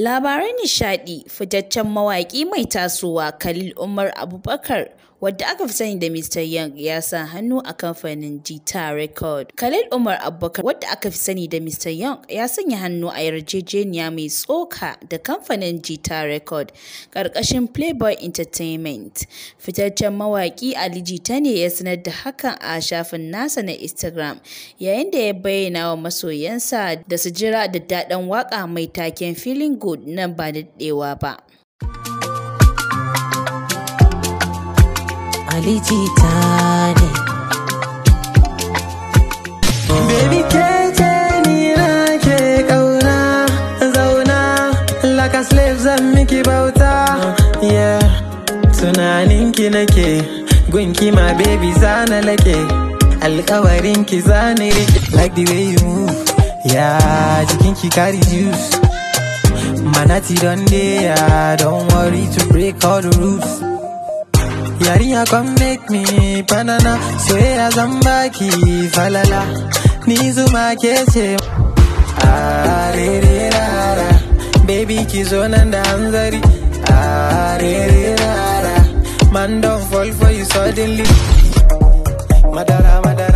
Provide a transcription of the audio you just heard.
Labaran nishaɗi fitaccen mawaƙi mai tasowa Khalil Umar Abubakar wadda aka fi sani da Mr. Young ya sa hannu a kamfanin Jita Record. Khalil Umar Abubakar wadda aka fi sani da Mr. Young ya sanya hannu a yarjejeniya mai tsoka da kamfanin Jita Record ƙarƙashin Playboy Entertainment. Fitaccen mawaƙi Ali Jita ne ya sanar da hakan a shafin nasa na Instagram yayin da ya bayyana wa masoyansa da su jira da daɗin waƙa mai taken Feeling Good nan ba daɗewa ba. alijitani Baby kece ni nake kauna zauna laka slaves zan miki bauta yeah tunaninki nake gunki ma baby zana lake alkawarinki zane like the way you move yeah jikinki carry juice manati don dey yeah. don't worry to break all the rules Yarinya come make me banana Soyayya zan baki falala Ni zuma ke ce Arere rara Baby ki zo nan da hanzari Arere rara Man don fall for you suddenly Madara madara